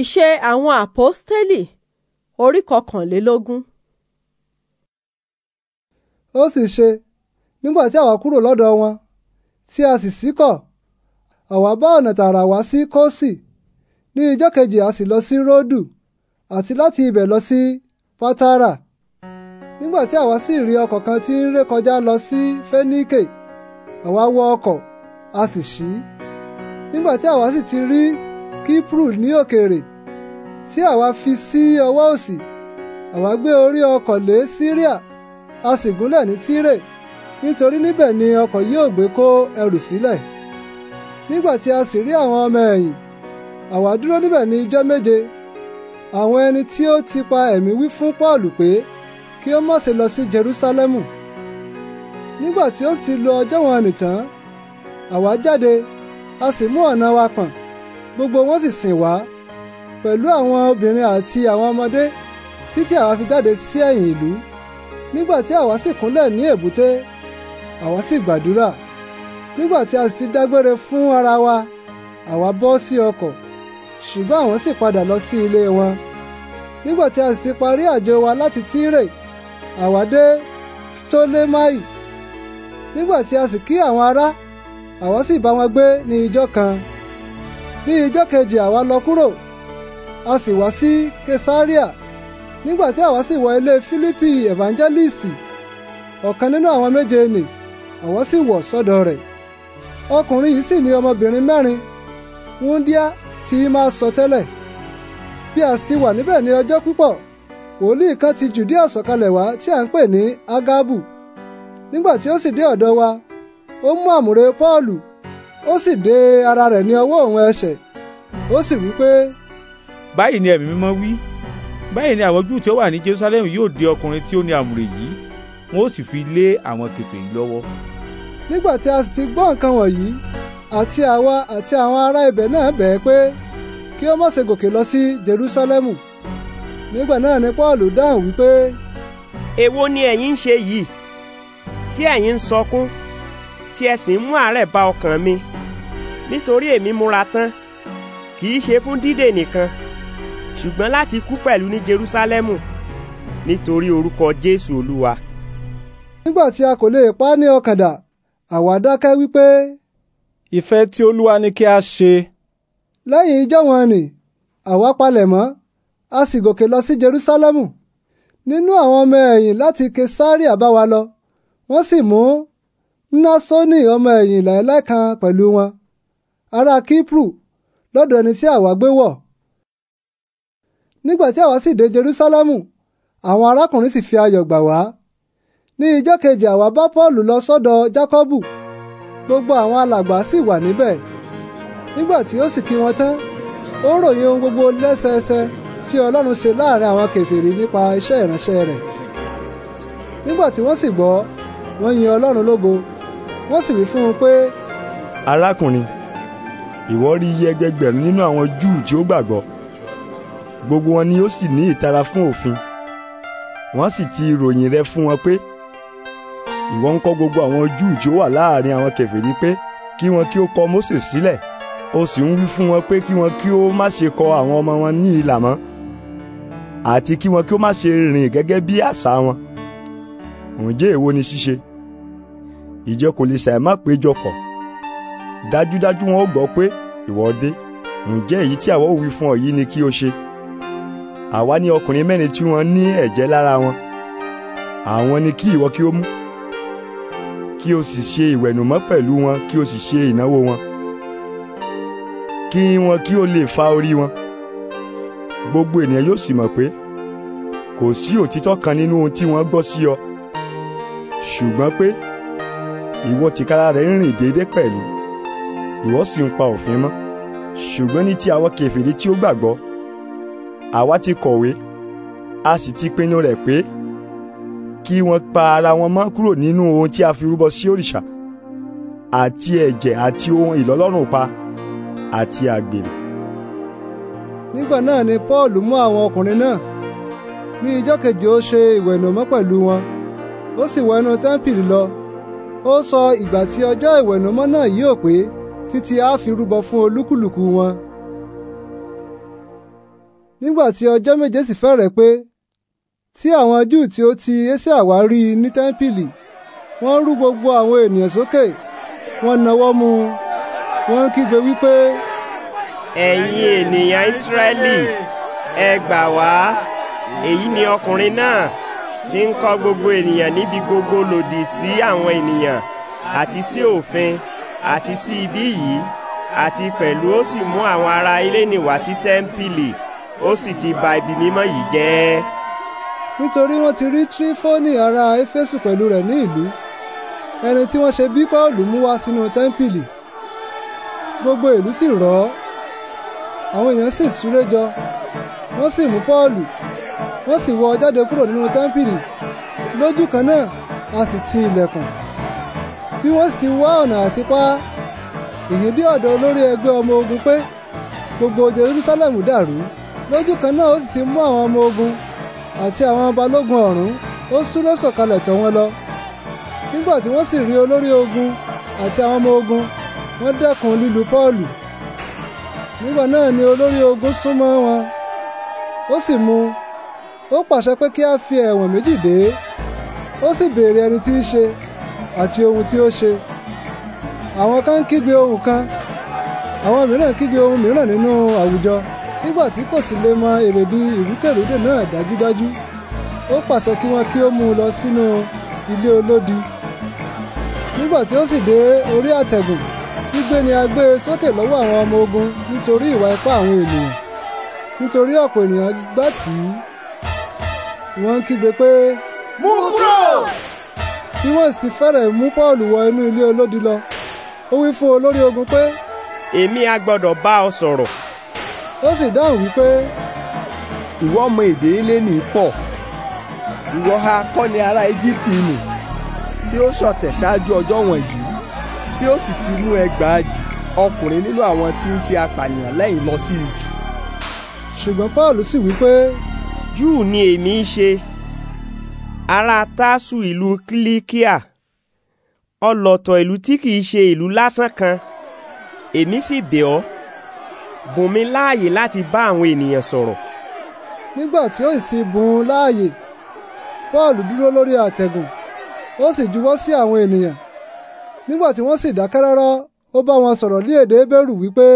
Ìṣe àwọn Àpọ́stélì orí kọkànlélógún. Ó sì ṣe, nígbà tí àwa kúrò lọ́dọ̀ wọn, tí a sì ṣíkọ̀, àwa bá ọ̀nà tààrà wá sí Kósì, ní ijọ́ kejì a sì lọ sí Ródù, àti láti ibẹ̀ lọ sí Pátára. Nígbà tí àwa sì rí ọkọ̀ kan tí ń ré kọjá lọ sí Féníkè, àwa wọ ọkọ̀, a sì ṣí. Nígbà tí àwa sì ti rí Kíprù ní òkèèrè tí àwa fi sí ọwọ́ òsì àwa gbé orí ọkọ̀ lé Síríà a sì gúnlẹ̀ ní Tírè nítorí níbẹ̀ ni ọkọ̀ yóò gbé kó ẹrù sílẹ̀ nígbà tí a sì rí àwọn ọmọ ẹ̀yìn àwa dúró níbẹ̀ ní ijọ́ méje àwọn ẹni tí ó ti pa ẹ̀mí wí fún Pọ́ọ̀lù pé kí ó má ṣe lọ sí Jerúsálẹ́mù nígbà tí ó sì lo ọjọ́ wọn nìtàn àwa jáde a sì mú ọ̀nà wa pọ̀n gbogbo wọn sì sìn wá pẹ̀lú àwọn obìnrin àti àwọn ọmọdé títí àwa fi jáde sí ẹ̀yìn ìlú nígbà tí àwa sì kúnlẹ̀ ní èbúté àwa sì gbàdúrà nígbà tí a sì ti dágbére fún ara wa àwa bọ́ sí ọkọ̀ ṣùgbọ́n àwọn sì padà lọ sí ilé wọn nígbà tí a sì ti parí àjò wa láti Tírè àwa dé Ptolemai nígbà tí a sì kí àwọn ará àwa sì bá wọn gbé ní ijọ́ kan. ní ijọ́ kejì àwa lọ kúrò a sì wá sí kesaria nígbà tí àwa sì wọ ilé fílípì evangelisti ọ̀kan nínú àwọn méje nì àwa sì wọ̀ sọ́dọ̀ rẹ̀ ọkùnrin yìí sì ní ọmọbìnrin mẹ́rin wúndíá tí máa sọ tẹ́lẹ̀ bí a sì wà níbẹ̀ ní ọjọ́ púpọ̀ wòlíì kan ti jùdíà sọ̀kalẹ̀ wá tí à ń pè ní agabu nígbà tí ó sì dé ọ̀dọ̀ wa ó mú àmùrè pọ́ọ̀lù ó sì dé ara rẹ̀ ní ọwọ́ òun ẹsẹ̀ ó sì wí pé. báyìí ni ẹ̀mí mímọ́ wí báyìí ni àwọn júù tí ó wà ní jerusalem yóò dé ọkùnrin tí ó ní àmùrè yìí wọn ó sì fi lé àwọn kèfèrí lọ́wọ́. nígbà tí a sì ti gbọ́ nǹkan wọ̀nyí àti àwa àti àwọn ará ibẹ̀ náà bẹ̀ẹ́ pé kí ó má gòkè lọ sí jerusalemu nígbà náà ni paul dáhùn wípé. èwo ni ẹ̀yin ń ṣe yìí tí ẹ̀yin ń sọkún tí ẹ sì ń mú àárẹ̀ bá ọkàn mi nítorí èmi múra tán kì í ṣe fún dídè nìkan ṣùgbọ́n láti kú pẹ̀lú ní Jerúsálẹ́mù nítorí orúkọ Jésù Olúwa. nígbà tí a kò lè pa á ní ọkàn dà àwa dákẹ́ wípé. ìfẹ́ tí Olúwa ní kí a ṣe. lẹ́yìn ijọ́ wọn nì àwa palẹ̀ mọ́ a sì gòkè lọ sí Jerúsálẹ́mù nínú àwọn ọmọ ẹ̀yìn láti Kesaria bá wa lọ wọ́n sì mú Násónì ọmọ ẹ̀yìn láéláé kan pẹ̀lú wọn ará Kípru lọ́dọ̀ ẹni tí àwa gbé wọ̀. nígbà tí àwa sì dé Jerúsálẹ́mù àwọn arákùnrin sì fi ayọ̀ gbà wá. ní ijọ́ kejì àwa bá Pọ́ọ̀lù lọ sọ́dọ̀ Jákọ́bù gbogbo àwọn alàgbà sì wà níbẹ̀. nígbà tí ó sì kí wọn tán ó ròyìn ohun gbogbo lẹ́sẹẹsẹ tí Ọlọ́run ṣe láàrin àwọn kèfèrí nípa iṣẹ́ ìránṣẹ́ rẹ̀. nígbà tí wọ́n sì gbọ́ wọ́n yin Ọlọ́run lógo wọ́n sì wí fún un pé. arákùnrin ìwọ rí iye ẹgbẹgbẹ̀rún nínú àwọn júù tí ó gbàgbọ́ gbogbo wọn ni ó sì ní ìtara fún òfin wọ́n sì ti ròyìn rẹ̀ fún wọn pé ìwọ ń kọ́ gbogbo àwọn júù tí ó wà láàrin àwọn kèfèrí pé kí wọn kí ó kọ Mósè sílẹ̀ ó sì ń wí fún wọn pé kí wọn kí ó má ṣe kọ àwọn ọmọ wọn ní ìlà mọ́ àti kí wọn kí ó má ṣe rìn gẹ́gẹ́ bí àṣà wọn ǹjẹ́ èwo ni ṣíṣe ìjọ kò lè ṣàìmá péjọpọ̀ dájúdájú wọn ó gbọ́ pé ìwọ dé ǹjẹ́ èyí tí àwa wí fún ọ yìí ni kí o ṣe àwa ní ọkùnrin mẹ́rin tí wọ́n ní ẹ̀jẹ̀ lára wọn àwọn ni kí ìwọ kí o mú kí o sì ṣe ìwẹ̀nùmọ́ pẹ̀lú wọn kí o sì ṣe ìnáwó wọn kí wọn kí o lè fa orí wọn gbogbo ènìyàn yóò sì mọ̀ pé kò sí òtítọ́ kan nínú ohun tí wọ́n gbọ́ sí ọ ṣùgbọ́n pé ìwọ tìkára rẹ̀ ń rìn déédéé pẹ̀lú ìwọ sì ń pa òfin mọ́ ṣùgbọ́n ní ti àwọn kèfèrí tí ó gbàgbọ́ àwa ti kọ̀wé a sì ti pinnu rẹ̀ pé kí wọ́n pa ara wọn mọ́ kúrò nínú ohun tí a fi rúbọ sí òrìṣà àti ẹ̀jẹ̀ àti ohun ìlọ́lọ́rùn pa àti àgbèrè. nígbà náà ni Paul mú àwọn ọkùnrin náà ní ijọ́ kejì ó ṣe ìwẹ̀nùmọ́ pẹ̀lú wọn ó sì wọ inú tẹ́ḿpìlì lọ ó sọ ìgbà tí ọjọ́ ìwẹ̀nùmọ́ náà yóò pé títí a fi rúbọ fún olúkúlùkù wọn. nígbà tí ọjọ́ méje sì fẹ́rẹ̀ pé tí àwọn Júù tí ó ti Éṣíà wá rí i ní tẹ́ḿpìlì wọ́n rú gbogbo àwọn ènìyàn sókè wọ́n nawọ́ mú un wọ́n ń kígbe wípé. ẹ̀yin ènìyàn Ísírẹ́lì ẹ gbà wá èyí ni ọkùnrin náà tí ń kọ́ gbogbo ènìyàn níbi gbogbo lòdì sí àwọn ènìyàn àti sí òfin. Si àti sí ibí yìí àti pẹ̀lú ó sì mú àwọn ará Hélénì wá sí tẹ́ḿpìlì ó sì ti bà ibi mímọ́ yìí jẹ́. nítorí wọ́n ti rí trífọ́nì ara éfésù pẹ̀lú rẹ̀ ní ìlú ẹni tí wọ́n ṣe bí Pọ́ọ̀lù mú wá sínú tẹ́ḿpìlì gbogbo ìlú sì rọ̀ ọ́ àwọn èèyàn sì súré jọ wọ́n sì mú Pọ́ọ̀lù wọ́n sì wọ́ ọ jáde kúrò nínú tẹ́ḿpìlì lójú kan náà a sì ti ilẹ̀kùn. bí wọ́n sì wá ọ̀nà àti pa á èyí dé ọ̀dọ̀ olórí ẹgbẹ́ ọmọ ogun pé gbogbo Jerusalem dàrú lójú kan náà ó sì ti mú àwọn ọmọ ogun àti àwọn balógun ọ̀rún ó súré sọ̀kalẹ̀ tọ̀ wọ́n lọ nígbà tí wọ́n sì rí olórí ogun àti àwọn ọmọ ogun wọ́n dẹ́kun lílu Pọ́ọ̀lù nígbà náà ni olórí ogun súnmọ́ wọn ó sì mú ó pàṣẹ pé kí a fi ẹ̀wọ̀n méjì dè é ó sì béèrè ẹni tí í ṣe àti ohun tí ó ṣe àwọn kan kígbe ohun kan àwọn mìíràn kígbe ohun mìíràn nínú àwùjọ nígbà tí kò sì lè mọ èrèdí ìrúkèrúdò náà dájúdájú ó pàṣẹ kí wọn kí ó mú un lọ sínú ilé olódi nígbà tí ó sì dé orí àtẹ̀gùn gbígbé ni a gbé e sókè lọ́wọ́ àwọn ọmọ ogun nítorí ìwà ipá àwọn ènìyàn nítorí ọ̀pọ̀ ènìyàn gbà tí wọ́n ń kígbe pé mú kúrò bí wọ́n sì fẹ́rẹ̀ mú Paul wọ inú ilé olódi lọ ó wí fún olórí ogun pé. èmi a gbọ́dọ̀ bá ọ sọ̀rọ̀. ó sì dáhùn wípé. ìwọ ọmọ èdè Élénì fọ̀ ìwọ ha kọ́ni ará Íjíbítì nì tí ó ṣọ̀tẹ̀ ṣáájú ọjọ́ wọ̀nyí tí ó sì ti mú ẹgbàájì ọkùnrin nínú àwọn tí ń ṣe apànìyàn lẹ́yìn lọ sí ìjù. ṣùgbọ́n Paul sì wí Júù ni èmi í ṣe ará tásù ìlú kílíkíà ọlọ́tọ̀ ìlú tí kìí ṣe ìlú lásán kan èmi sì bẹ̀ ọ́ bùn mi láàyè láti bá àwọn ènìyàn sọ̀rọ̀. nígbà tí ó sì ti bùn ún láàyè Pọ́ọ̀lù dúró lórí àtẹ̀gùn ó sì juwọ́ sí àwọn ènìyàn nígbà tí wọ́n sì dákẹ́ rárá ó bá wọn sọ̀rọ̀ ní èdè Hébérù wípé.